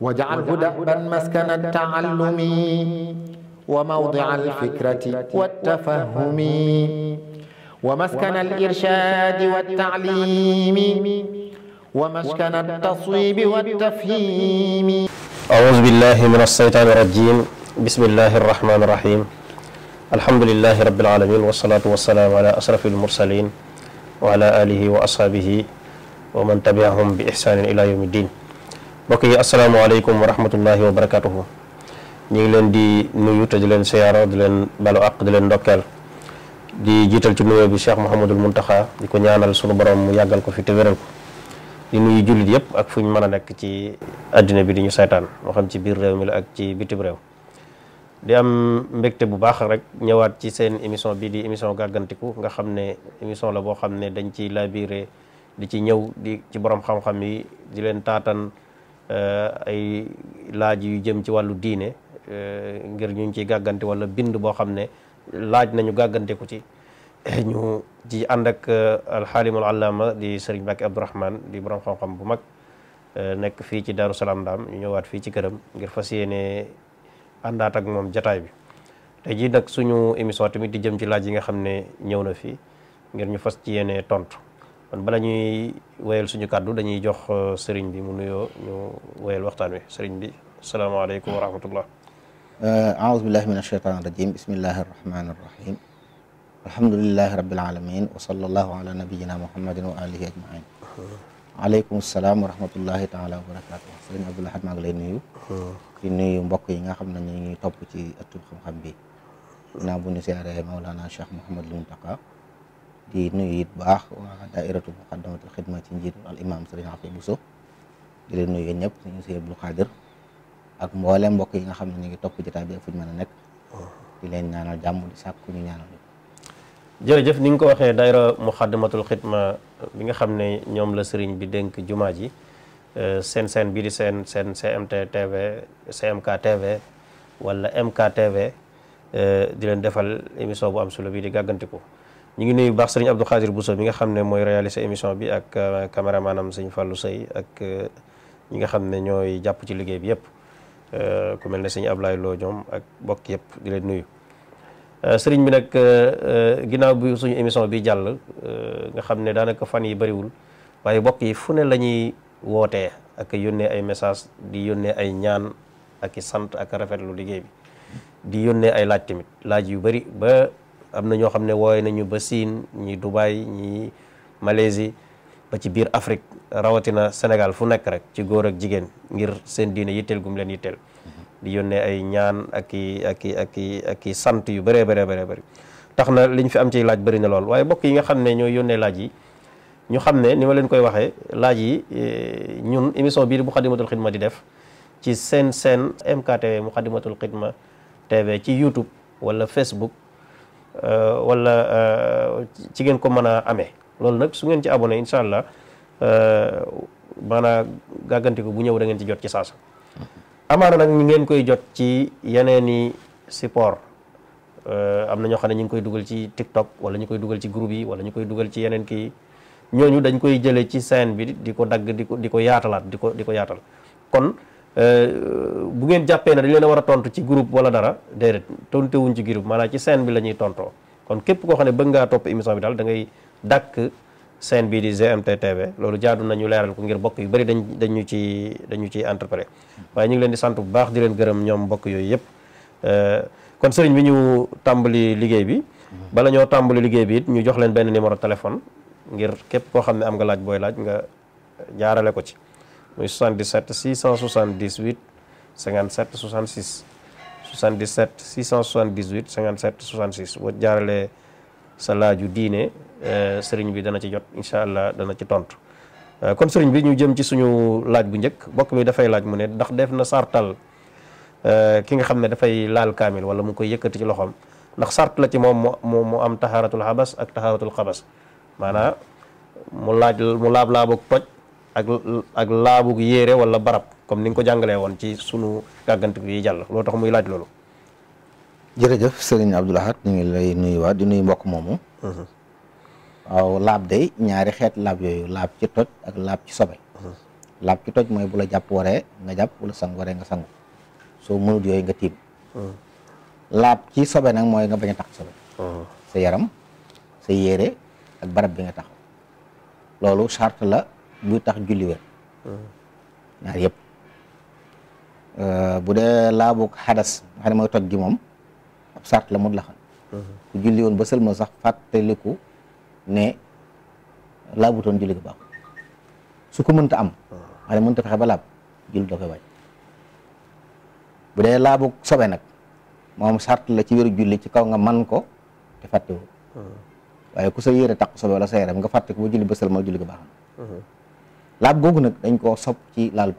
واجعله دأبا مسكن التعلم وموضع الفكرة والتفهم ومسكن الإرشاد والتعليم ومسكن التصويب والتفهيم أعوذ بالله من الشيطان الرجيم بسم الله الرحمن الرحيم الحمد لله رب العالمين والصلاة والسلام على أشرف المرسلين وعلى آله وأصحابه ومن تبعهم بإحسان إلى يوم الدين bokk yi asalaamaaleykum wa rahmatullahi wa barakatuhu ñu ngi leen di nuyu te di leen siyaara di leen balu àq di leen ndokkeel di jiital ci nuyoo bi Cheikh Mouhamadul Muntaxa di ko ñaanal sunu borom mu yàggal ko fi te wéral ko di nuyu jullit yëpp ak fu ñu mën a nekk ci àddina bi di ñu saytaan moo xam ci biir réew mi la ak ci bitim réew di am mbégte bu baax rek ñëwaat ci seen émission bi di émission gàggantiku nga xam ne émission la boo xam ne dañ ci labiré di ci ñëw di ci borom xam yi di leen taatan Eh, ay laaj yu jëm ci wàllu diine eh, ngir ñu ngi ciy gàggante wala bind boo xam ne laaj nañu gàggante ko ci ñu ci ànd ak eh, alxaalimul allaama di sëriñ Mbàkke Abdourahman di borom xam-xam bu mag nekk fii ci Daaru Salaam Ndaam ñu ñëwaat fii ci këram ngir fas yéene àndaat ak moom jataay bi tey jii nag suñu émission tamit di jëm ci laaj yi nga xam ne ñëw na fii ngir ñu fas ci yéene tontu. kon bala ñuy wéyal suñu kàddu dañuy jox euh, sëriñ bi mu nuyoo ñu wéyal waxtaan wi sëriñ bi asalaamaaleykum wa rahmatullah euh, aousubillahi min asheytan irajim bismillahi arrahmani irrahim alhamdulilahi rabbil alamin wa sallallahu ala nabiyina muhammadin wa alihi ajmain salaam wa taala wa barakatuh sëriñ Abdul Ahad maa ngi lay nuyu nuyu mbokk yi nga xam ne ñu ngi topp ci ëttub xam-xam bi naa bu ñu siyaare Mawlana Cheikh Muntaqa di nuyu it baax waa daairatu muqaddamatul xidma ci njiit al imam sëriñ Afi Buso di leen nuyu ñëpp suñu sëriñ Abdul Xaadir ak mboolem mbokk yi nga xam ne ñu ngi topp jotaay bi ak fu ñu mën a nekk uh-huh. di leen ñaanal ni nga ko waxee daayira muqaddamatul xidma bi nga xam ne ñoom la sëriñ bi dénk jumaa ji euh, seen seen bii di seen seen CMT TV euh, di leen defal émission bu am solo bii di gàggantiku ñu ngi nuyu baax sëriñ Abdou Khadir Bousso bi nga xam ne mooy réaliser émission bi ak euh, maanam sëñ Fallou Sey ak euh, ñi nga xam ne ñooy jàpp ci liggéey bi yëpp euh, ku mel ne sëñ Ablaye Lo ñoom ak bokk yëpp di leen nuyu. sëriñ bi nag ginnaaw bi suñu émission bi jàll nga xam ne daanaka fan yi bëriwul waaye bokk yi fu ne la ñuy wootee ak yónnee ay message di yónnee ay ñaan ak i sant ak rafetlu liggéey bi di yónnee ay laaj tamit laaj yu bëri am na ñoo xam ne wooye nañu ba Siin ñi Dubaay ñi Malaisie ba ci biir Afrique rawatina Sénégal fu nekk rek ci góor ak jigéen ngir seen diine yitteel gum leen yitteel di yónnee ay ñaan ak i ak i ak i ak i sant yu bëree bëree bëree bëri tax na li ñu fi am ci laaj bëri na lool waaye mbokk yi nga xam ne ñooy yónnee laaj yi ñu xam ne ni ma leen koy waxee laaj yi e, ñun émission bii di Moukhaddamatoul di def ci seen seen MKTV Moukhaddamatoul Khidma TV ci YouTube wala Facebook Euh, wala euh, ci ngeen ko mën a amee loolu nag su ngeen ci abonné incha allah euh, maanaam gàggantiku bu ñëw da ngeen ci jot ci saasa mm-hmm. amaana nag ñu ngeen koy jot ci yeneen i support am na ñoo xam ne ñu ngi koy dugal ci TikTok wala ñu koy dugal ci groupe yi wala ñu koy dugal ci yeneen kii ñooñu dañ koy jëlee ci scène bi di ko dagg di ko di ko yaatalaat di ko di ko yaatal kon Euh, bu ngeen jàppee na dañ leen a war a tontu ci group wala dara déedéet tontu wuñ ci groupe maanaam ci scène bi la ñuy tontoo kon képp koo xam ne bëgg ngaa topp émission bi daal da dàkk scène bii di GMT loolu jaadu nañu leeral ko ngir mbokk yu bëri dañ dañu ci dañu ciy entrepré waaye ñu ngi leen di sant bu baax di leen gërëm ñoom bokk yooyu yëpp euh, kon sëriñ bi ñu tàmbali liggéey bi bala ñoo tàmbali liggéey bi it ñu jox leen benn numéro téléphone ngir képp koo xam ne am nga laaj booy laaj nga jaarale ko ci muy 77 678 57 66 77 678 57 66 boo jaaralee sa laaju diine eh, sëriñ bi dana ci jot incha allah dana ci tontu eh, kon sëriñ bi ñu jëm ci suñu laaj bu njëkk bokk mi dafay laaj mu ne ndax def na sartal eh, ki nga xam ne dafay laal kaamil wala mu koy yëkkati ci loxoom ndax sart la ci moom mu mu am taxaaratul xabas ak taxaaratul xabas maanaam mu laaj mu laab laaboog toj. ak ak laabug yére wala barab comme ni nga ko jàngalee woon ci sunu gàggante yi jàll loo tax muy laaj loolu jërëjëf sëriñ Abdou Lahad ñu ngi lay nuyuwaat di nuyu mbokk moomu uh-huh. waaw laab day ñaari xeet laab yooyu laab ci toj ak laab ci sobe uh-huh. laab ci toj mooy bu jàpp waree nga jàpp bu la sang nga sangu soo mënut yooyu nga tiim uh-huh. laab ci sobe nag mooy nga bañ a tax sobe sa yaram sa yére ak barab bi nga tax loolu charte la bu tax julli wér hmm. ñaar yëpp euh, bu dee laabu xadas nga xam mooy toj gi moom ab sart la mu la xam hmm. ku julli woon ba sëlmal sax fàttaliku ne laabutoon julli gi baax su ko mënta am hmm. nga xam mënta fexe ba laab julli da koy wàcc bu dee laabu sobe nag moom sart la ci wéru julli ci kaw nga man ko te fàttewu waaye ku sa yére taq sobe wala sa yaram nga fàtte ko ba julli ba sëlmal julli gi baax laab googu nag dañ koo sopp ci laalub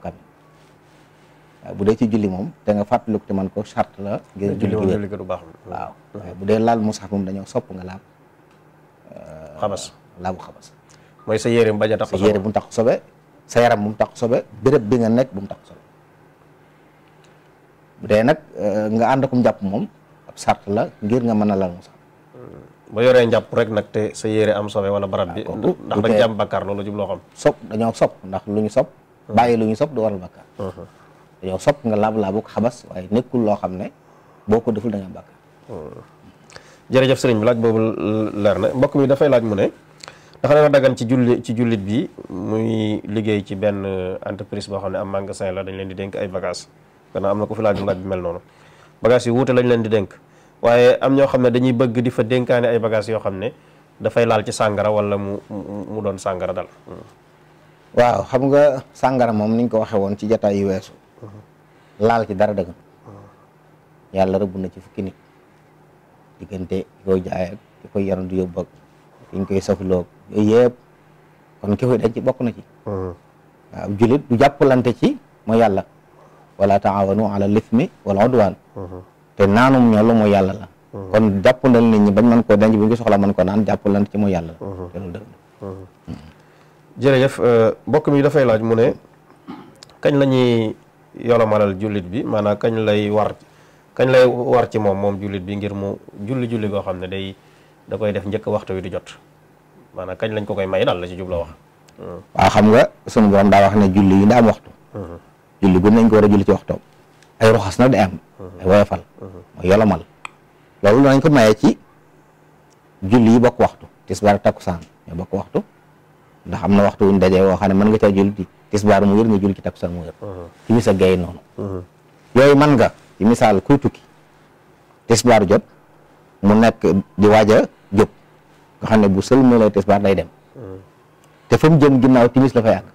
bu dee ci julli moom fàttaliku te man ko charte la ngir julli gi baax waaw bu dee laal mushaf moom dañoo sopp nga laab euh, xabas laabu xabas mooy sa yére mu bañ a yére bu mu tax sobe sa yaram bu mu tax sobe bërëb bi nga nekk bu mu tax sobe bu dee nag euh, nga ànd akum jàpp moom ab sart la ngir nga mën a laal mushaf hmm. ba yoree njàpp rek nag te sa yére am sobe wala barab bi ndax danga nga jàmm bakkaar loolu jubloo xam sob dañoo sob ndax lu ñu sob hmm. bàyyi lu ñu sob du waral bakkaar hmm. dañoo sob nga laab-laabu xabas waaye nekkul loo xam ne boo ko deful da nga bakkaar hmm. bi laaj boobu leer na mbokk mi dafay laaj mu ne ndax dana dagan ci julli ci jullit bi muy liggéey ci benn entreprise boo xam ne am magasin la dañ leen di dénk ay bagage gannaaw am na ko fi laaj laaj bi mel noonu bagage yi wute lañ leen di dénk waaye am ñoo xam ne dañuy bëgg di fa dénkaane ay bagages yoo xam ne dafay laal ci sàngara wala mu mu doon sàngara dal waaw xam nga sàngara moom niñ ko waxee woon ci jataayu weesu laal ci dara dëgg yàlla rëbb na ci fukki nit diggante ki koy jaay ak koy yarandu yóbbu ak kon ki dañ ci bokk na ci hmm. waaw julit du jàppalante ci mooy yàlla wala taawanu ala lithmi wal udwan hmm. te naanum ñoo lu mu yàlla la mm-hmm. kon jàppandal nit ñi bañ mën koo denc bu ñu ko soxla mën ko naan jàppalan ci mu yàlla la mm-hmm. te loolu dëgg mm-hmm. jërëjëf euh, mbokk mi dafay laaj mu ne kañ la ñuy yolomalal jullit bi maanaa kañ lay war lay war ci moom moom jullit bi ngir mu julli julli goo xam ne day da koy def njëkk waxtu wi di jot maanaam kañ lañ ko koy may daal la ci jubla wax waaw xam nga sunu borom daa wax ne julli yi daa am waxtu julli gu nañ ko war a julli ci waxtoom ay ruxas na di am ay woyofal yolomal loolu danañ ko maye ci julli yi bokk waxtu tisbaar takkusaan ñoo bokk waxtu ndax am na waxtu wuñ dajee woo xam ne mën nga caa julli ci tisbaar mu wér nga julli ci takkusaan mu wér ci misa gay noonu yooyu mën jot mu nekk di waaj a jóg nga xam ne bu sël mu lay tisbaar day dem te fa mu jëm ginnaaw timis la fay àgg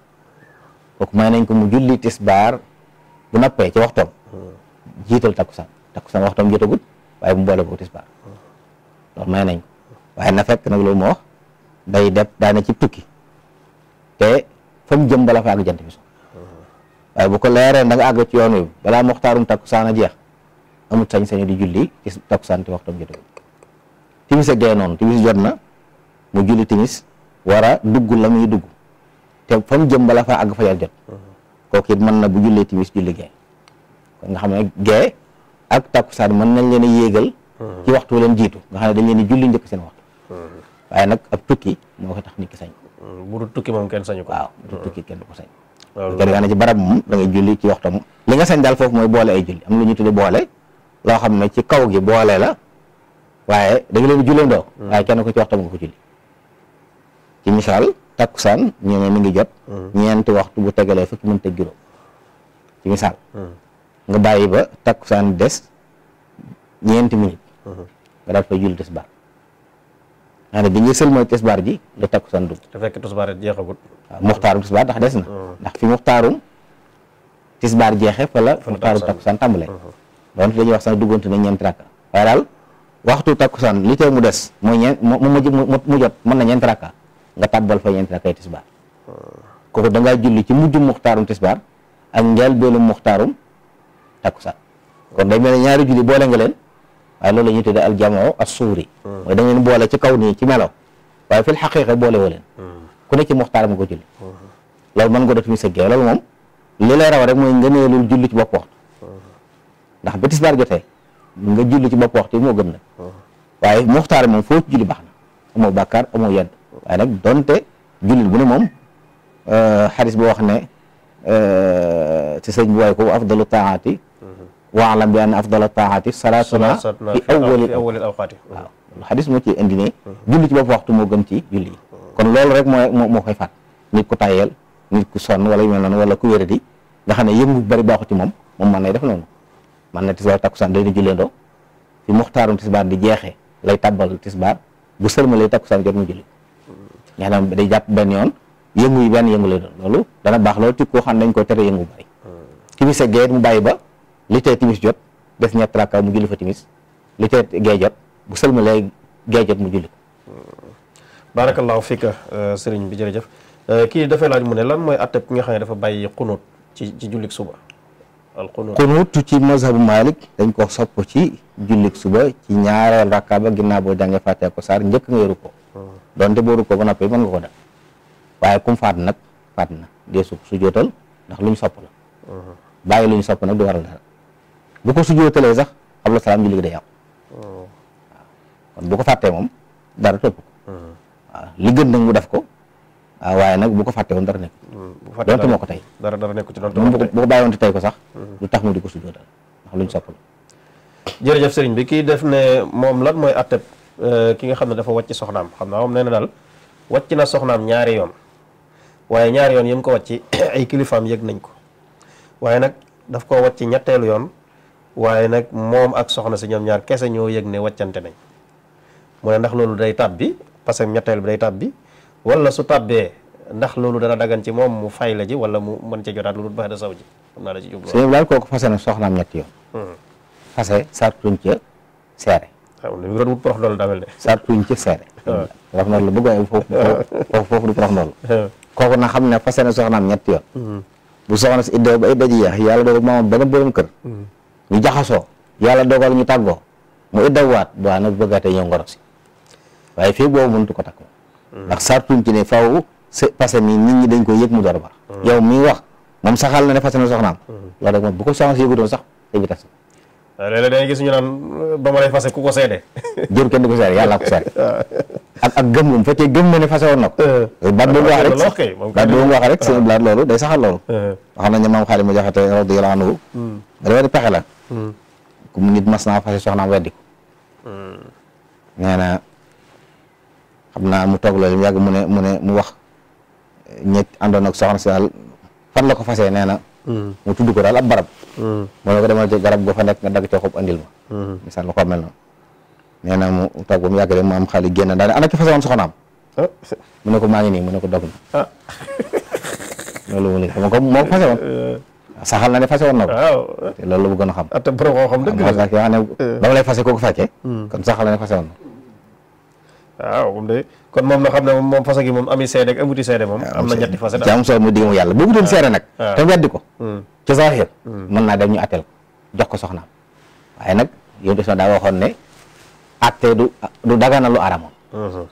kooku may nañ ko mu julli tisbaar bu nappee ci waxtoom jiital takkusaan takkusaan waxtam jotagut waaye bu mboole ko tisbaar loolu may nañ ko waaye na fekk nag loolu moo wax day def daane ci tukki te fa jëm bala fa bu ko leeree da nga ci yoon wi balaa moxtaarum takkusaan a jeex amut sañ-sañu di julli ci takkusaan te waxtam jotagut timis ak dee noonu timis jot na mu julli timis war a dugg la muy dugg te fa jëm bala fa àgg fa jot kooku mën na bu jullee timis julli gee nga xam ne gee ak takkusaan mën nañ leen a yéegal ci waxtu leen jiitu nga xam ne dañ leen di julli njëkk seen waxtu waaye nag ab tukki moo ko tax nit ki sañ bu dul tukki moom kenn sañu ko waaw bu dul tukki kenn du ko sañ kenn nga ne ci barab moom da ngay julli ci waxtam li nga sañ daal foofu mooy boole ay julli am lu ñu tudde boole loo xam ne ci kaw gi boole la waaye da leen leen jullandoo hmm. waaye kenn ko ci waxtam nga ko julli ci misaal takkusaan ñu ne ngi jot hmm. ñeenti waxtu bu tegalee fukki mën teg juróom ci misaal hmm. nga bàyyi ba takkusaan des ñeenti minute mhm. nga daal fay julli tisbaar maanaam bi ñuy sëlmal tisbaar ji la takkusaan dugg te fekk tisbaar jeexagut waaw ah, muxtaarum tisbaar ndax des na mhm. ndax fi muxtaarum tisbaar jeexe fa la muxtaarum takkusaan tàmbale mhm. donc dañuy wax sax duggante na ñeenti rakka waaye daal waxtu takkusaan li tee mu des mooy ñeent mu jot mën na ñeenti rakka nga tàbbal fa ñeenti rakkay tisbaar kooku dangaa julli ci mujjum muxtaarum tisbaar ak njëlbéenu muxtaarum sa kon day mel ne ñaari julli boole nga leen waaye loolu la ñuy tuddee aljamoo as suuri hmm. mooy da ngeen boole ci kaw nii ci melaw waaye fil xaqiqa boole woo leen hmm. ku ne ci muxtaar ma ko julli hmm. loolu mën nga def mi sa géew loolu moom li lay rek mooy nga lul julli ci bopp waxtu ndax ba tisbaar jotee nga julli ci bopp waxtu yi moo gën nag waaye muxtaar moom foo ci julli baax na amoo bàkkaar amoo yedd waaye nag donte jullit bu ne moom euh, xadis boo wax ne euh, ci sëñ waalam bi anna afdala taa'ati salaatuna fi awwali al-awqaati waaw xadis moo ci indi ne julli ci bopp waxtu moo gën ci julli yi kon loolu rek moo moo koy faat nit ku tayel nit ku sonn wala yu mel noonu wala ku wéradi nga xam ne yëngu bari baaxu ci moom moom mën nay def noonu man na tisbaar takkusaan day di julleendoo fi muxtaarum tisbaar di jeexee lay tàbbal tisbaar bu sëlmalee takkusaan jot mu julli nga xam ne day jàpp benn yoon yëngu yi benn yëngu lay doon loolu dana baax loolu ci koo xam ne dañ ko tere yëngu bari ki bi seggee mu bàyyi ba li timis jot des ñett rakka mu julli fa timis li tee bu sëlmalee gee jot mu julli ko baarakallaahu fiika euh, sëriñ bi jërëjëf euh, kii dafay laaj mu ne lan mooy atteb ku nga xam ne dafa bàyyi xunuut ci ci jullik suba al xunuut xunuut ci mazhabu Malik dañ ko sopp ci jullik suba ci ñaareel rakka ba ginnaaw boo jàngee fàttee ko saar njëkk nga yoru ko hmm. donte boo ru ko ba noppi mën nga ko def waaye kum faat nag faat na dee su sujootal ndax luñ sopp la hmm. bàyyi luñ sopp nag du waral bu ko sujjootalee sax xabla salaam julli gi day yàqu oh. waaw bu ko fàttee moom dara topp ko hmm. li gën nag mu def ko waaw waaye nag bu ko fàttee woon dara nekk hmm. donte moo ko tey dara dara nekk ci donte moo ko tey bu ko bàyyi woon te tey ko sax hmm. lu tax mu di ko sujjootal ndax luñ sopp la jërëjëf sëriñ bi kii def ne moom lan mooy atteb euh, ki nga xam ne dafa wàcc soxnaam xam naa moom nee na daal wàcc na soxnaam ñaari yoon waaye ñaari yoon yi mu ko wàcc ay kilifaam yëg nañ ko waaye nag daf koo wàcc ñetteelu yoon waaye nag moom ak soxna si ñoom ñaar kese ñoo yëg ne waccante nañ mu ne ndax loolu day tàbbi parce que ñetteel bi day tàbbi wala su tàbbee ndax loolu dana dagan ci moom mu fay la ji wala mu mën ci jotaat lu dul baax da saw ji xam naa la ci jublu sëñ daal kooku fase na soxnaam ñetti yoon hmm. fase ca seere waaw li mu doon wut prox ndool damel de la ah. bëgg waaye foofu foofu du prox ndool ah. kooku na xam ne fase na soxnaam ñetti yoon hmm. bu soxna si idda ba idda ji yeex yàlla doog moom benn borom kër hmm. ñu jaxasoo yàlla dogal ñu tàggoo mu iddawaat ba nag bëggaate ñëw ngoro si waaye fii boobu mënut ko takk moom ndax sartuñ ci ne faaw passé mi nit ñi dañ koy yëg mu door ba hmm. yow mi wax moom saxal na ne fas na soxnaam loolu rek moom bu ko soxna si yëgutoon sax te bi tas léeg-léeg ba ma lay ku ko seede jur ko seede yàlla ko ah. ak ak gëm fekkee gëm na ne fase woon na ko baat wax rek baat boobu wax loolu day saxal loolu euh. wax nañ ne xaalis ma jaxate radiyallahu anhu hmm. di pexe la comme nit mas naa fase soxnaam weddi hmm. na xam naa mu toog loolu yàgg mu ne mu ne mu wax ñett andoon ak soxna si daal fan la ko fase nee na hmm. mu tudd ko daal ab barab moo ne ko demal garab goo fa nekk nga dagg coo xob ma misaal lu ko mel noonu nee na mu toog ba mu yàgg rek mu am xaalis génn daal ana ki fase soxnaam ah, mu ne ko maa ngi nii mu ne ko dog na ah. loolu mu ne xam euh. na ne fase woon na ko ah, loolu la a xam te borom koo xam dëgg la ki wax ne euh. ba fase kooku fekkee hmm. kon saxal na ne fase woon na waaw moom de kon moom na xam ne moom fase gi moom ami seede ak amuti seede moom am na ñetti fase am solo mu digg mu yàlla bu mu doon seede nag te weddi ko hmm. ci saa xel hmm. mën naa dem ñu attel jox ko soxnaam waaye nag yéen daa waxoon ne attee du du dagana lu aramoon mhm.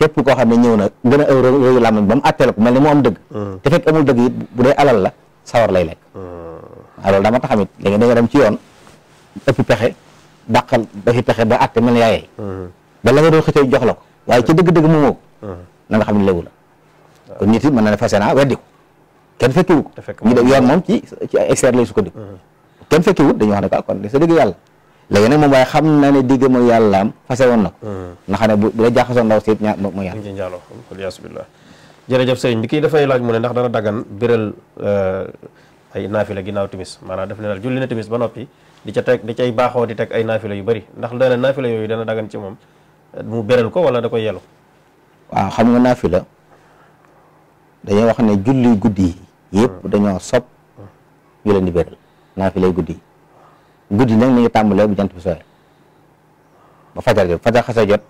képp koo xam ne ñëw na gën a ëw réewu làmb ba mu attee ko mel ni mu am dëgg mhm. te fekk amul dëgg it bu dee alal la sawar lay lekk mhm. waaw loolu dama taxamit léegi da nga dem ci yoon ëpp pexe dàqal dafi pexe ba atte mel yaayee ba la nga doon xëccoo jox la ko waaye ci dëgg-dëgg mu moo ko na nga xam ne léwu la kon nit it mën na ne fase naa weddi ko kenn fekkiwu ko ñu def yoon moom ci ci expert lay sukkandiku kenn fekkiwut dañu wax ne ko kon de sa dëgg yàlla léegi nag moom waaye xam na ne digg mu yàllaam fase woon na ko hmm. ndax ne bu la jaxasoo ndaw si it ñaar mu yàlla ci njaaloo aliasubillah jërëjëf sëriñ bi kii dafay laaj mu ne ndax dana daggan biral euh, ay naafila ginnaaw timis maanaam daf ne daal julli na timis ba noppi di ca teg di cay baaxoo di teg ay naafila yu bëri ndax dana naafila yooyu dana daggan ci moom mu beral ko wala da koy yelu waaw xam nga naafila dañuy wax ne julli guddi yi yëpp hmm. dañoo sob ñu leen di beral naafilay guddi yi guddi nag mu ngi tàmbalee bu jant bi sooyee ba fajar jot fajar xasee jot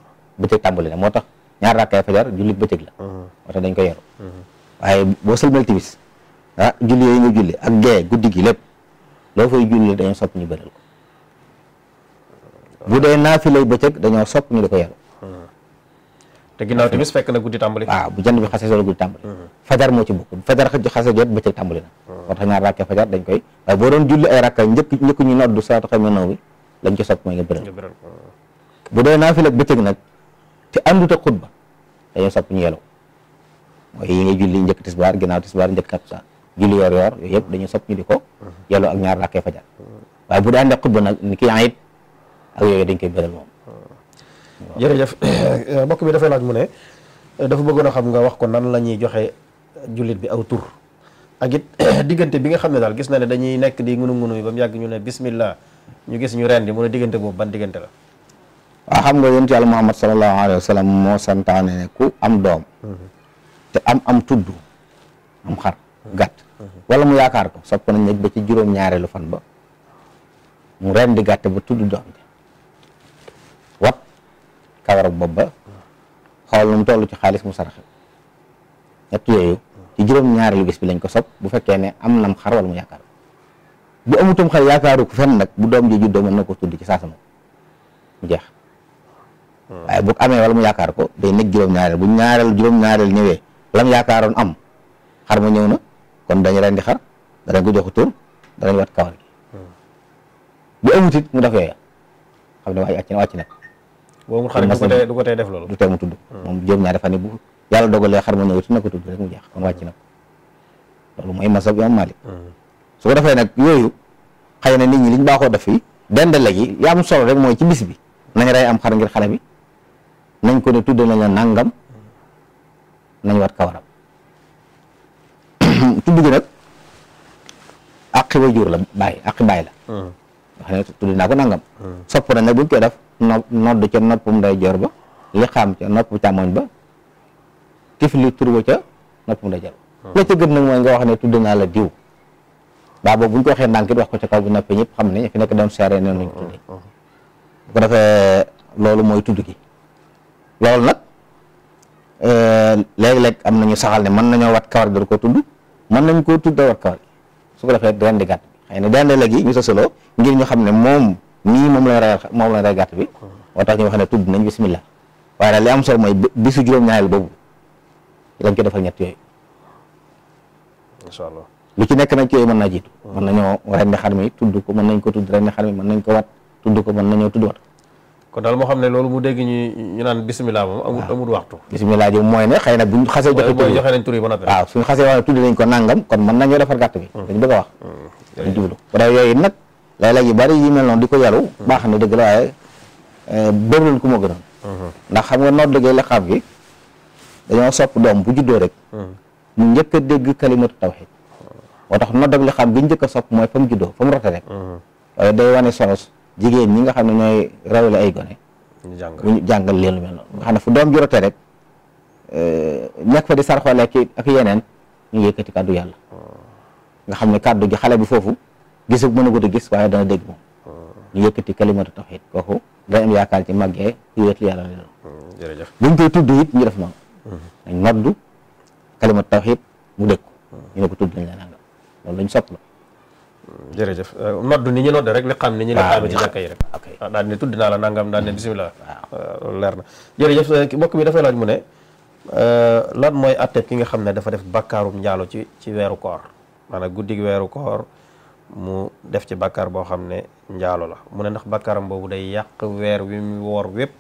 bëccëg tàmbali na moo tax ñaar rakkay fajar julli bëccëg la mhm. moo tax dañ ko yeru mhm. waaye boo sëlmal timis ah julli yooyu nga julli ak gee guddi gi lépp loo fay julli dañoo sopp ñu bëral ko bu dee naafilay bëccëg dañoo sopp ñu di ko yeru mhm. te ginnaaw timis fekk na guddi tàmbali waaw bu jant bi xasee sooyee guddi tàmbali fajar moo ci bokk fajar xasee jot bëccëg tàmbali na waxta ñaar rakkee fajar dañ koy waaye boo doon julli ay rakka njëkk njëkk ñu noddu salaatu xayma naw bi lañ ko sopp mooy nga bëral bu dee naafila bëccëg nag te àndut ak xutba dañoo sopp ñu yelaw mooy yi njëkk tisbaar ginnaaw tisbaar njëkk takkusaan julli yor yor yooyu yëpp dañoo sopp ñu di ko yelaw ak ñaar rakkee fajar waaye bu dee ànd ak xutba nag ni ki ayit ak yooyu dañ koy bëral moom jërëjëf mbokk bi dafay laaj mu ne dafa bëggoon xam nga wax ko nan la ñuy joxe jullit bi aw tur ak it diggante bi nga xam ne daal gis na ne dañuy nekk di ngunu ngunu ba mu yàgg ñu ne bismillah ñu gis ñu rendi mu ne diggante boobu ban diggante la waaw xam nga yonent yàlla Muhammad sallallahu alayhi wa sallam ku am doom mhm. te am am tudd am xar mhm. gàtt mhm. wala mu yaakaar ko sopp nañ nag ba ci juróom ñaareelu fan ba mu rendi gàtt ba tudd doom bi wat kawaru bopp ba xool nu mu toll ci xaalis mu saraxe ñett yooyu ci juróom-ñaareelu bis bi lañ ko sopp bu fekkee ne am nam xar wala mu yaakaar bu amutum xar yaakaaru ko fenn nag bu doom ji juddoo mën na ko tudd ci saasama mu jeex waaye bu amee wala mu yaakaar ko day nekk juróom-ñaareel bu ñaareel juróom-ñaareel ñëwee lam yaakaaroon am xar ma ñëw na kon dañu rendi xar danañ ko jox tur danañ wat kawar gi bu amut it mu def yooya xam ne wàcc na wàcc na. boo amul xar du ko tey def loolu. du tey mu tudd. Hmm. moom juróom-ñaari fan yi bu yàlla dogalee xar ma ñëwati na ko tudd rek mu jeex kon wàcc na ko hmm. su ko defee nag yooyu xëy na nit ñi liñ baaxoo def fii dendale gi li am solo rek mooy ci bis bi nañ rey am xar ngir xale bi nañ ko ne tudd nañ la nàngam nañ wat kawaram tudd gi nag àqi waajur la bàyyi àqi baay la hmm. wax ne tudd naa ko nàngam hmm. sopp na nag buñ koy def no nodd ca noppum nday joor ba li xaam ca nopp càmmoñ ba tifli tur wa ca a dajal hmm. la ca gën nag mooy nga wax ne tudd naa la diw baa boobu buñ ko waxee ndànk it wax ko ca kaw bu noppee ñëpp xam ne fi nekk dem seere neen lañ ko hmm. tuddee bu ko defee loolu mooy tudd gi loolu nag eh, léeg-léeg am nañu saxal ne mën nañoo wat kawar gi ko tudd nañ koo tudd wat kawar su ko defee dandi gàtt bi xëy na dandi léegi ñu sasaloo ngir ñu xam ne moom nii moom lañ rey moom lañ rey gàtt bi hmm. moo tax ñu wax ne tudd nañ bismillah waaye daal li am solo mooy bisu juróom-ñaareel boobu dañ ko defal ñett yooyu. lu ci nekk nag yooyu mën naa jiitu. mën nañoo rendi xar mi tudd ko mën nañ ko tudd rendi xar mi mën nañ ko wat tudd ko mën nañoo tudd wat. kon daal moo xam ne loolu mu dégg ñu ñu naan bisimilah moom. amul amul waxtu. bisimilah ji mooy ne xëy na buñ xasee. joxe tur yi joxe nañ tur yi ba noppi. waaw suñu xasee wax tudd nañ ko nangam kon mën nañoo defar gàtt bi. Mm. dañ bëgg a wax. Mm. dañ jublu bu dee yooyu nag léeg-léeg yu bari yi mel noonu di ko yaru. Mm. baax na dëgg la waaye bëri nañ ko moo gënoon. Mm-hmm. ndax xam nga noor gi dañoo sopp doom bu juddoo rek mu hmm. njëkk a dégg kalimatu tawhid moo tax noddab li xam gi njëkk a sopp mooy fa mu juddoo fa mu rote rek hmm. waaye day wane solos jigéen ñi nga xam ne ñooy rawale ay gone bu ñu jàngal leen lu mel noonu nga xam ne fu doom ju nekk eh, fa di sarxoole ak yeneen ñu yëkkati kàddu yàlla hmm. nga xam ne kàddu gi xale bi foofu gisul mënu ko di gis waaye dana dégg moom ñu yëkkati kalimatu tawhid kooku day am yaakaar ci màggee ku wéetlu yàlla leen jërëjëf buñ koy tudd it ñu def noonu nañ noddu kalimat yépp mu dëkku ñu ne ko tudd nañ la nangam loolu lañ sopp la mm, jërëjëf euh, noddu ni ñu nodde xam ni ñu li xam ci jàkka yi rek waaw ah, daal ne tudd la nangam daal ne bisimilah euh, loolu leer na jërëjëf euh, mbokk mi dafay laaj mu ne lan mooy atteb ki nga xam ne dafa def bakkaarum njaalo ci ci weeru koor maanaam guddig weeru koor mu def ci bakkaar boo xam ne njaalo la mu ne ndax bakkaaram boobu day yàq weer wi mu woor wépp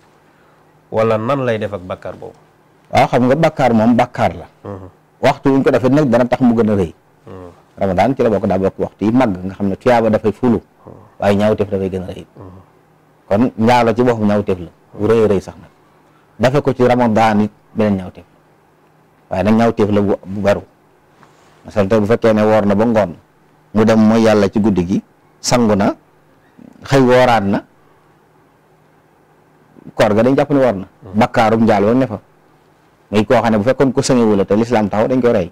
walla nan lay def ak bakkaar boobu waaw xam nga bàkkaar moom bàkkaar la uh-huh. waxtu wuñ ko defee nag dana tax mu gën a rëy uh-huh. ramadan ci la bokk daa bokk waxtu yi màgg nga xam ne tuyaaba dafay fulu uh-huh. waaye ñaawteef dafay gën a rëy kon njaalo ci boppam ñaawteef la bu rëy rëy sax nag dafe ko ci ramadan it beneen ñaawteef la waaye nag ñaawteef la bu baru masal tey bu fekkee ne woor na ba ngoon mu dem mooy yàlla ci guddi gi sangu na xëy wooraat na koor ga dañ jàpp ne woor na bakkaarum njaalo ne fa muy koo xam ne bu fekkoon ko sëñewu la te lislaam taxaw dañ ko rey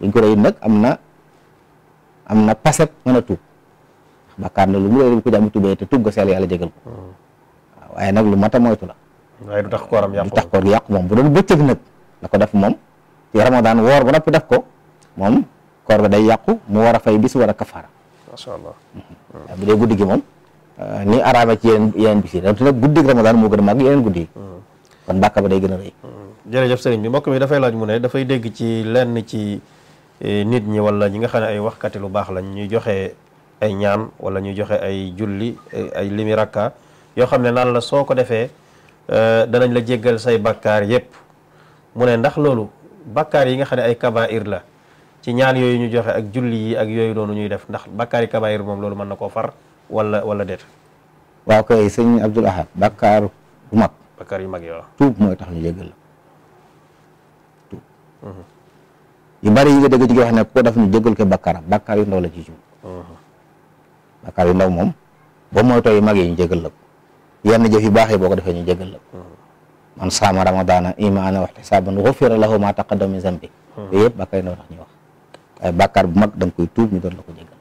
dañ ko rey nag am na am na paset mën a tuub ndax bàkkaar na lu mu réy ko jàmm tubee te tuub ga seel yàlla jégal ko hmm. waaye nag lu matta moytu la waaye du tax kooram yàqu tax koor yàqu moom bu doon bëccëg nag la ko def moom ci ramadaan woor ba noppi def ko moom koor gi day yàqu mu war a fay bis war a kafaara macha allah hmm. bu dee guddi gi moom euh, ni araame ci yeneen yeneen bis yi rawatina guddi gi ramadaan moo gën a màgg yeneen guddi yi hmm. kon bàkka ba day gën a rëy mm. jërëjëf sëriñ bi mbokk mi dafay laaj mu ne dafay dégg ci lenn ci e, nit ñi wala ñi nga xam ne ay waxkati lu baax lañ ñuy joxe ay ñaan wala ñuy joxe ay julli e, ay limi yoo xam ne naan la soo ko defee e, danañ la jéggal say bakkaar yépp mu ne ndax loolu bakkaar yi xam ne ay kabair la ci ñaan yooyu ñu joxe ak julli yi ak yooyu noonu ñuy def ndax bakkaar yi kabair moom loolu mën na koo far wala wala déet waaw koy sëñ Abdul Ahad bakkaar bu mag bakkaar yu mag yi waaw tuub mooy tax ñu jéggal la yi nga dégg ci wax ne ko daf ñu jéggal ko bakkaar bakkaar yu la ci jub bakkaar moom boo mooy tooy mag yi ñu jéggal la ko yenn jëf baax yi boo defee ñu jéggal la man saama ramadaana imaana wa ihtisaaban gufira lahu ma taqaddama min zambi yooyu yëpp bakkaar yu ndaw tax ñuy wax waaye bakkaar bu mag da nga koy tuub ñu doon la ko jéggal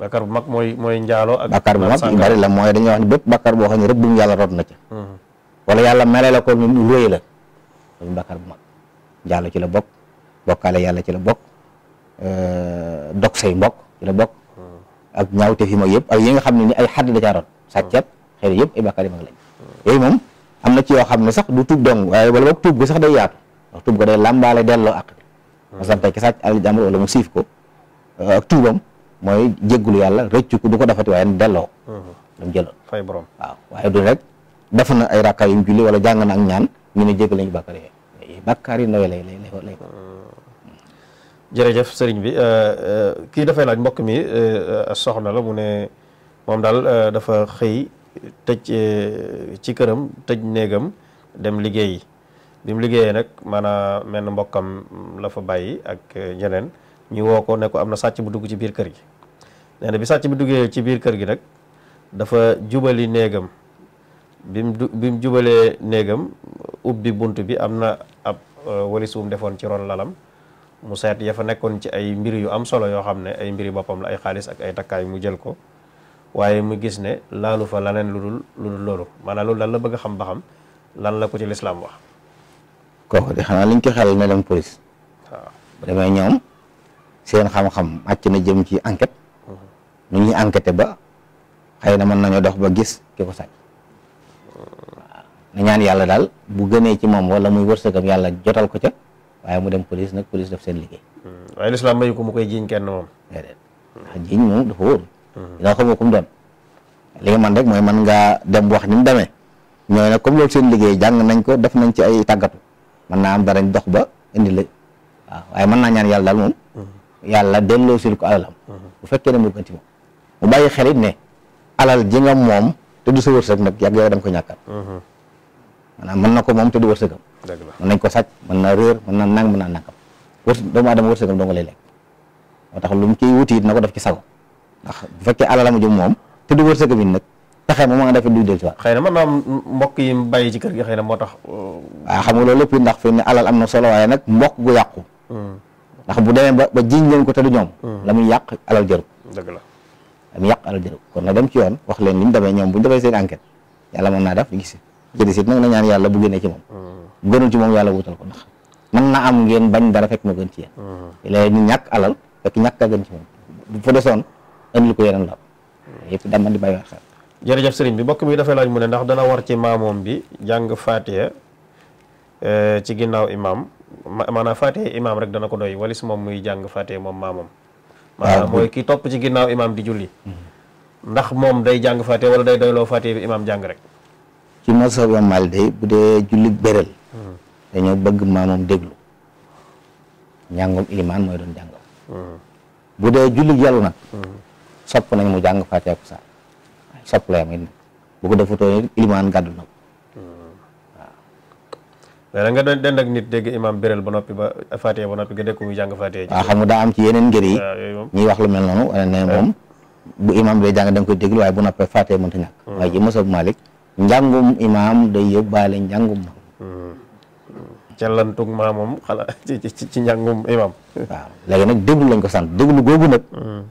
bakkaar bu mag mooy mooy njaalo ak bakkaar bu mag yu bari la mooy dañuy wax ne bépp bakkaar boo xam ne rek bu yàlla rod na ca hmm. wala yàlla mele la ko lu rëy la loolu bàkkaar bu mag jàll ci la bokk bokkaale yàlla ci la bokk euh, dog say mbokk ci la bokk hmm. ak ñaawte fi yëpp ak yi nga xam ne ni ay xadd da caa ron hmm. sàcceeb yëpp ay bàkkaar yi mag lañ hmm. moom am na ci yoo xam ne sax du tuub dong waaye wala boog tuub sax day yaatu ndax tuub ga day làmbaale delloo ak parce que tey ki sàcc mu siif ko euh, ak tuubam mooy jéggulu yàlla rëccu ko du ko defati waaye delloo waaye du rek def na ay rakkaay yu mu julli wala jàng na ak ñaan ñu ne jéggal nañu bàkkaar yi bàkkaar yi ndaw lay lay lay jërëjëf sëriñ bi euh, euh, kii dafay laaj mbokk mi euh, soxna la mu ne moom daal dafa xëy tëj ci këram tëj néegam dem liggéeyi bi mu liggéeyee nag maanaam menn mbokkam la fa bàyyi ak ñeneen ñu woo ko ne am na sàcc bu dugg ci biir kër gi nee bi sàcc bi duggee ci biir kër gi nag dafa jubali néegam bim du bim jubalee néegam ubbi bunt bi am na ab euh, wali suum defoon ci ron lalam mu seet ya fa nekkoon ci ay mbir yu am solo yoo xam ne ay mbiri boppam la ay xaalis ak ay takkaay mu jël ko waaye mu gis ne laalu fa laneen lu dul lu dul loolu maanaam loolu lan la bëgg xam ba xam lan la ko ci lislaam wax kooku di xanaa liñ ko xelal ne dem police waaw bu demee ñoom seen xam-xam àcc na jëm ci enquette mhm. ñu ngi enquêté ba xëy na mën nañoo dox ba gis ki ko sàcc na ñaan yàlla daal bu gënee ci moom wala muy wërsëgam yàlla jotal ko ca waaye mu dem police nag police daf seen liggéey. Hmm. waaye lislaam mayu ko mu koy jiiñ kenn moom. déedéet ndax jiiñ moom dafa wóor. dina ku mu doon. li nga man rek mooy man ngaa dem wax ni mu demee ñooy nag comme loolu seen liggéey jàng nañ ko def nañ ci ay tàggatu man naa am darañ dox ba indi la waaw waaye mën naa ñaan yàlla daal moom. Hmm. yàlla delloo sil ko alalam. Hmm. bu fekkee ne mu gën ci moom. mu bàyyi xel it ne alal ji nga moom sa wërsëg nag yàgg yow da ko ñàkkal. maanaam mën na ko moom te du wërsëgam mën nañ ko sàcc mën na réer mën na nang mën na nakam wërs doomu aadama wërsëgam dong lay lekk moo tax lu mu ciy wuti it def ci sago ndax bu fekkee alal mu jëm moom te du wërsëgam it nag pexe moom ma nga defee duñ xëy na mën na mbokk yi mu bàyyi ci kër gi xëy na moo tax uh, waaw xam nga loolu lépp ndax ne alal am na solo waaye nag mbokk gu yàqu hmm. ndax bu demee ba ba jiñ leen ko te du ñoom hmm. la muy yàq alal jëru la la muy yàq alal jëru kon na dem ci yoon wax leen li mu demee ñoom bu ñu defee seen enquête yàlla mën naa def gis jërisit nag na ñaan yàlla bu gënee ci moom mm-hmm. gënul ci moom na am ngeen bañ dara fekk ma gën ci yéen mm-hmm. léegi ñu ñàkk alal fekk ñàkk a gën ci moom bu sëriñ bi mbokk mi dafay laaj mu ne ndax dana war ci maamoom bi jàng faatiha eh, ci ginnaaw imaam maanaam faatiha imaam rek dana ko doy walis moom muy jàng faatiha moom maamoom ah, maanaam mooy ki topp ci ginnaaw imaam di julli mm-hmm. ndax moom day jàng faatiha wala day doyloo faatiha bi imaam jàng rek ci maso masaba malde bu dee julli bérél dañoo bëgg maamam déglu njàngum ilimaan mooy doon jàng bu dee julli yàllu nag sopp nañ mu jàng fàtteeku sa sopp la yamit bu ko defatoo ilimaan gàddu na waaw nga doon dend ak nit dégg imaam bérél ba noppi ba fàttee ba noppi nga dégg muy jàng fàttee waaw xam nga daa am ci yeneen ngër yi lu mel noonu wane ne moom eh. bu imaam day jàng da nga koy déglu waaye hmm. malik njàngum imaam day yóbbaale njàngum ma hmm. cellantuk maa moom xala ci ci ci njàngum imaam léegi nag déglu lañ ko sant déglu googu nag hmm.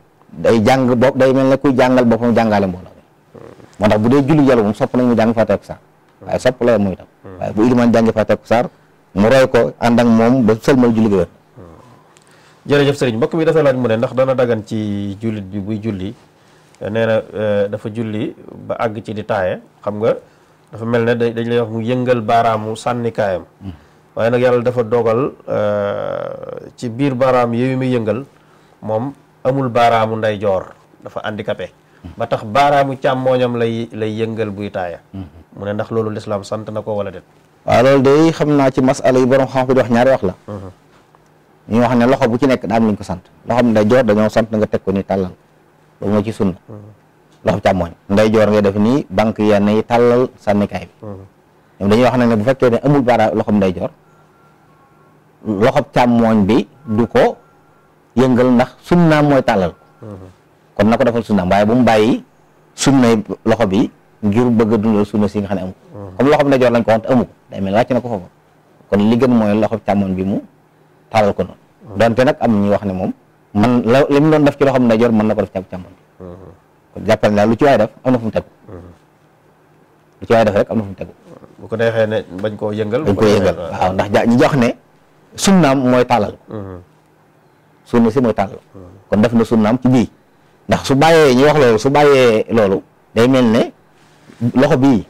day jàng bopp day mel ne kuy jàngal boppam jàngale mbooloo hmm. moo tax bu dee julli yàlla moom sopp nañ mu jàng fàtteeku saar waaye sopp la muy tam waaye bu ilimaan jàngi fàtteeku saar mu roy ko ànd ak moom ba sëlmal julli ga wér jërëjëf sëriñ mbokk mi dafa laaj mu ne ndax dana ci jullit bi buy julli nee na eh, dafa julli ba àgg ci di taaye xam nga dafa mel ne dañ lay wax mu yëngal baaraamu sànnikaayam waaye nag yàlla dafa dogal eh, ci biir baaraam yooyu muy yëngal moom amul baaraamu ndeyjoor dafa handicapé ba tax baaraamu càmmooñam lay lay yëngal buy taaya mu ne ndax loolu lislaam sant na ko wala de waaw loolu day xam naa ci masala yi borom xam-xam di wax ñaari wax la mhm. ñu wax ne loxo bu ci nekk daa am lu ñu ko sant loxo ndeyjoor dañoo sant nga teg ko ni tàllal loolu moo ci sunna loxo càmmooñ nday joor ngay def nii banque yenn yi tàllal sànnikaay bi hmm. ñoom dañuy wax nag ne bu fekkee ne amul baara loxob nday joor loxob càmmooñ bi du ko yëngal ndax sunnaam mooy tàllal hmm. kon na ko defal sunnaam waaye mu bàyyi sunnay loxo bi ngir bëgg a dundal sunna si xam ne amu ko hmm. comme loxob nday joor lañ na ko foofu kon li gën mooy loxob càmmooñ bi mu tàllal ko noonu donte nag am ñuy wax ne moom man la li mu doon def ci loxoom ndeyjoor mën na ko def ci càmmoñ mm-hmm. kon jàppal naa lu ci waay def am na fu mu tegu mm-hmm. lu ci waay def rek am na fu tegu bu ko neexee ne bañ koo yëngal bañ koo waaw ndax ja ñu jox ne sunnaam mooy tàllal mm-hmm. sunna si mooy tàllal kon def na sunnaam ci bii ndax su bàyyee ñu wax loolu su bàyyee loolu day mel ne loxo bii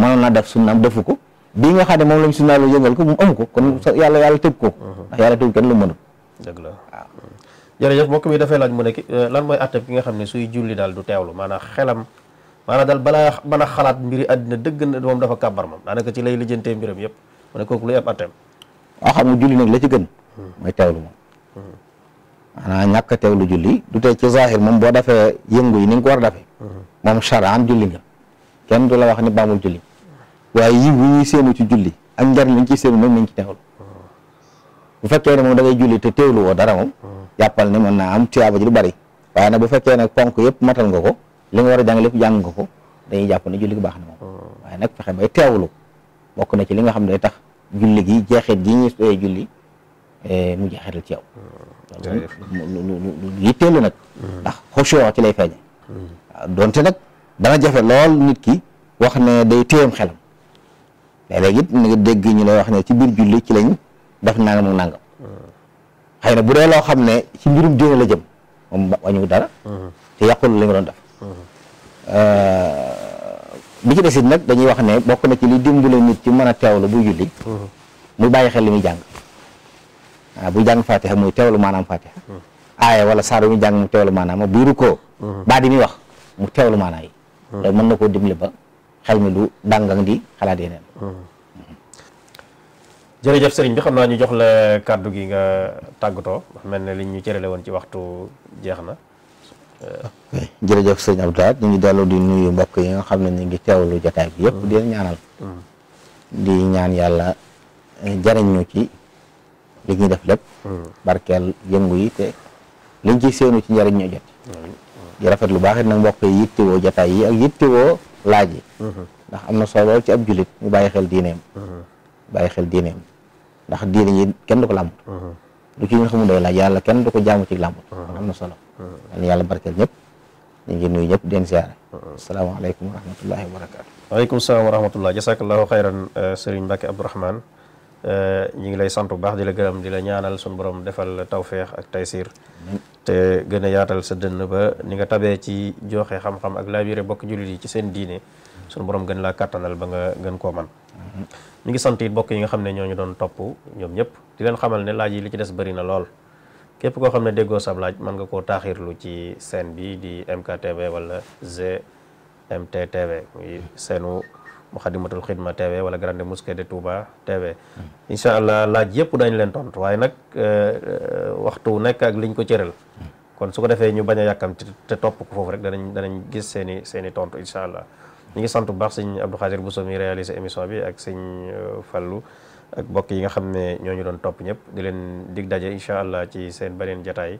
mënoon naa def sunnaam defu ko bii nga xam ne moom lañ sunnaa lu yëngal ko moom amu ko kon yàlla yàlla tëb ko yàlla tëb kenn lu mënul dëgg la jërëjëf mbokk mi dafay laaj mu nekk euh, lan mooy àtte ki nga xam ne suy julli daal du lu maanaam xelam maana daal balaa mën xalaat mbiri àddina dëgg na moom dafa kàbbar moom daanaka ci lay lijjantee mbiram yëpp mu ne kooku luy xam nga julli nag la ci gën mooy teewlu moom maanaam ñàkk teewlu julli du tey ci zahir moom boo dafee yëngu yi ni nga ko war a dafe moom charan julli nga kenn du la wax ni baamul julli waaye yiw wi ñuy séenu ci julli ak njariñ li ñu ciy séenu moom nañ ci teewlu bu fekkee ne moom dangay ngay julli te teewlu woo dara moom jàppal na mën naa am tuyaaba ji lu bari waaye nag bu fekkee nag ponk yëpp matal nga ko li nga war a jàng lépp jàng nga ko dañuy jàpp ne julli gi baax na oh. waaye nag fexe bay teewlu bokk na ci li nga xam ne tax julli gi jeexit gi ñuy sooyee julli eh, mu jeexital ci yow oh. yitteelu nag hmm. ndax xoshoo ci lay feeñe hmm. waaw donte nag dana jafe lool nit ki wax ne day téyam xelam léeg-léeg it nga dégg ñu lay wax ne ci biir julli ci lañ def nangam ak nangam. na bu dee loo xam ne ci mbirum diine la jëm moom wàññiwul dara. te yàqul li nga doon def. bi ci des it nag dañuy wax ne bokk na ci lu dimbale nit ci mën a teewlu bu julli. mu bàyyi xel li muy jàng. waaw buy jàng fatiha muy teewlu maanaam fatiha. aaya wala saar muy jàng mu teewlu maanaam buy ko baa di muy wax mu teewlu maanaam yi. loolu mën na koo dimbali ba xel mi du dàngang di xalaat yeneen. jërëjëf sëriñ bi xam naa ñu jox la kàddu gi nga tàggatoo mel ni liñ ñu cërale woon ci waxtu jeex na. jërëjëf sëriñ Abdoulaye ñu ngi dellu di nuyu mbokk yi nga xam na ñu ngi teewlu jotaay bi yëpp di ñaanal. di ñaan yàlla eh, jariñ ñu ci li ñuy def lépp. barkeel yëngu yi te liñ ci séenu ci njariñ ñu jot. di rafet lu baax it nag mbokk yi yittewoo jotaay yi ak yittewoo laaj yi. Mm-hmm. ndax am na solo ci ab jullit mu bàyyi xel diineem. Mm-hmm. bàyyi xel diineem. ndax diine yi kenn du ko làmb lu ci ngeen xamul day laaj yàlla kenn du ko jaamu ci làmb am na solo yàlla yàlla barkeel ñëpp ñu ngi nuyu ñëpp den siyaare asalaamaaleykum wa rahmatullahi wa barakaatu waaleykum salaam wa rahmatullah euh, sëriñ Mbacke Abdourahmane euh, ñu ngi lay sant bu baax di la gërëm di la ñaanal suñu borom defal tawféex ak taysir te gën a yaatal sa dënn ba ni nga tabee ci joxe xam-xam ak laabire bokk jullit yi ci seen diine suñu borom gën laa kàttanal ba nga gën koo man ñu ngi sant it bokk yi nga xam ne ñoo ñu doon topp ñoom ñëpp di leen xamal ne laaj yi li ci des bëri na lool képp koo xam ne déggoo sab laaj mën nga koo taaxirlu ci chaîne bi di MKTV wala GMT TV muy chaîne wala Grande Mosquée de Touba TV hmm. incha allah laaj yëpp dañ leen tontu waaye nag euh, euh, waxtu nekk ak liñ ko cëral hmm. kon su ko defee ñu bañ a yàkkam te topp ko foofu rek danañ danañ gis seen seeni tont i allah ñu ngi sant bu baax sëñ Abdou Khadir Bousso mi réalisé émission bi ak sëñ euh, Fallou ak mbokk yi nga xam ne ñoo ñu doon topp ñëpp di leen dig daje incha allah ci seen beneen jataay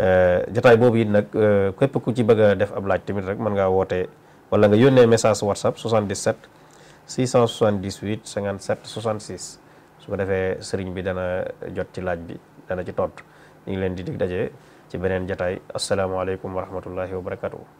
euh, jataay boobu it nag euh, képp ku ci bëgg a def ab laaj tamit rek mën ngaa wootee wala nga yónnee message WhatsApp 77 678 57 66 su ko defee sëriñ bi dana jot ci laaj bi dana ci tontu ñu ngi leen di dig daje ci beneen jataay asalaamaaleykum wa rahmatullahi wa barakatuh